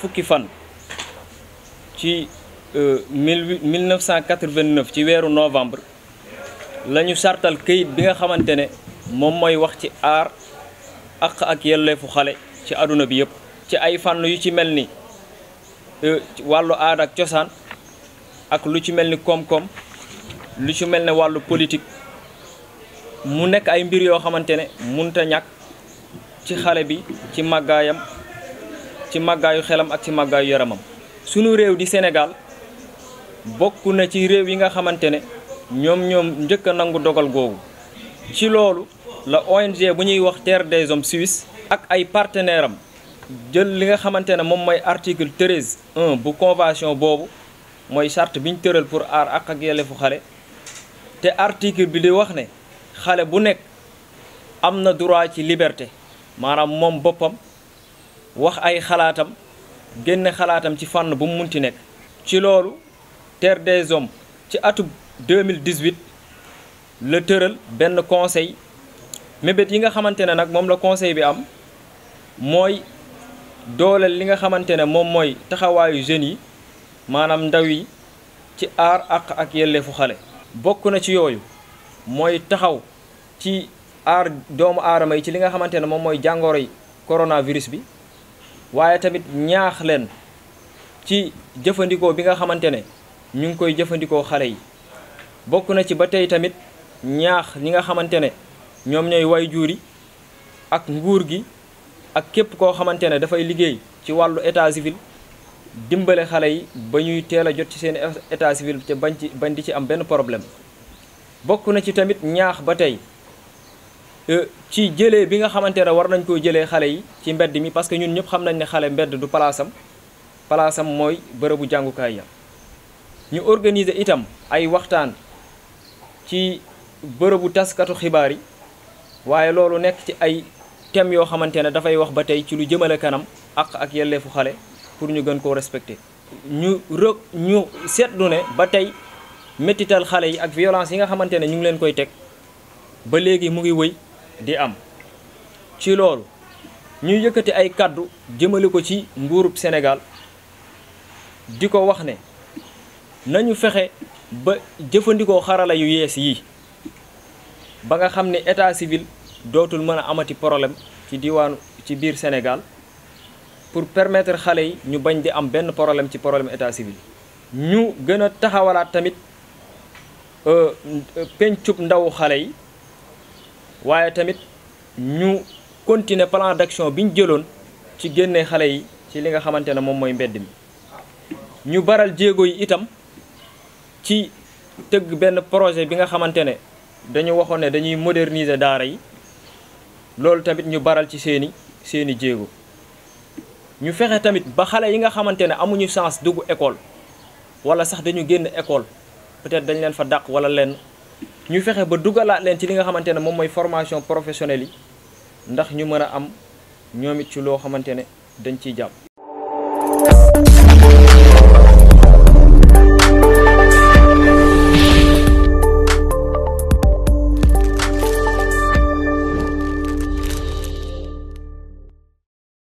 fukki fan ci euh, mille neuf cent vingt neuf ci weeru novembre lañu ñu sartal këyit bi nga xamante ne moom mooy wax ci aar àq ak yelleefu xale ci àdduna bi yëpp. ci ay fànn yu ci mel ni euh, wàllu aada ak cosaan ak lu ci mel ni koom-koom lu ci mel ni wàllu politique mu nekk ay mbir yoo xamante ne mënut a ñàkk ci xale bi ci màggaayam. ci màggaayu xelam ak ci màggaayu yaramam sunu réew di Sénégal bokk na ci réew yi nga xamante ne ñoom ñoom njëkk a nangu dogal googu ci loolu la ONG bu ñuy wax ter des Hommes Suisse ak ay partenaire am jël li nga xamante ne moom mooy article 13 bu convention boobu mooy charte bi ñu tëral pour aar ak ak yelleefu xale te article bi di wax ne xale bu nekk am na droit ci liberté maanaam moom boppam wax ay xalaatam génne xalaatam ci fànn bu mu munti nekk ci loolu terre des hommes ci atub 2018 la tëral benn conseil mébét yi nga xamante ne nag moom la conseil bi am mooy dooleel li nga xamante ne moom mooy taxawaayu jeunes yi maanaam ndaw yi ci aar àq ak yelleefu xale bokk na ci yooyu mooy taxaw ci aar doomu aadama yi ci li nga xamante ne moom mooy jàngoro yi coronavirus bi waaye tamit ñaax leen ci jëfandikoo bi nga xamante ne ñu ngi koy jëfandikoo xale yi bokk na ci ba tey tamit ñaax ñi nga xamante ne ñoom ñooy waajur yi ak nguur gi ak képp koo xamante ne dafay liggéey ci wàllu état civil dimbale xale yi ba ñuy teel a jot ci seen état civil te bañ ci bañ di ci am benn problème bokk na ci tamit ñaax ba tey Euh, ci jëlee bi nga xamante ne war nañ ko jëlee xalé yi ci mbéd mi parce que ñun ñëpp xam nañ né xalé mbéd du place am moy bërebu jangukaay ya ñu organiser itam ay waxtaan ci bërebu taskatu xibaari waye waaye loolu nekk ci ay thèmes yo xamantene da fay wax ba tay ci lu jëmele kanam ak ak fu xalé pour ñu gën ko respecter ñu rë ñu seetlu ne ba tey xalé yi ak violence yi nga xamantene ñu ngi leen koy tek ba légui mu ngi wëy di am ci loolu ñu yëkkati ay kàddu jëmale ko ci nguurub Sénégal di ko wax ne nañu fexe ba jëfandikoo xarala yu yees yi ba nga xam ne état civil dootul mën a amati problème ci diwaanu ci biir Sénégal pour permettre xale yi ñu bañ di am benn problème ci problème état civil ñu gën a taxawalaat tamit euh, euh, pencub ndawu xale yi waaye tamit ñu continuer plan d'action bi ñu jëloon ci génne xale yi ci li nga xamante ne moom mooy mbedd mi ñu baral jéego yi itam ci tëgg benn projet bi nga xamante ne dañu waxoon ne dañuy moderniser daara yi loolu tamit ñu baral ci seeni seeni jéego ñu fexe tamit ba xale yi nga xamante ne amuñu chance dugg école wala sax dañu génn école peut-être dañ leen fa dàq wala leen ñu fexe ba dugalaat leen ci li nga xamante ne moom mooy formation professionnelle yi ndax ñu mën a am ñoom it ci loo xamante ne dañ ciy jàpp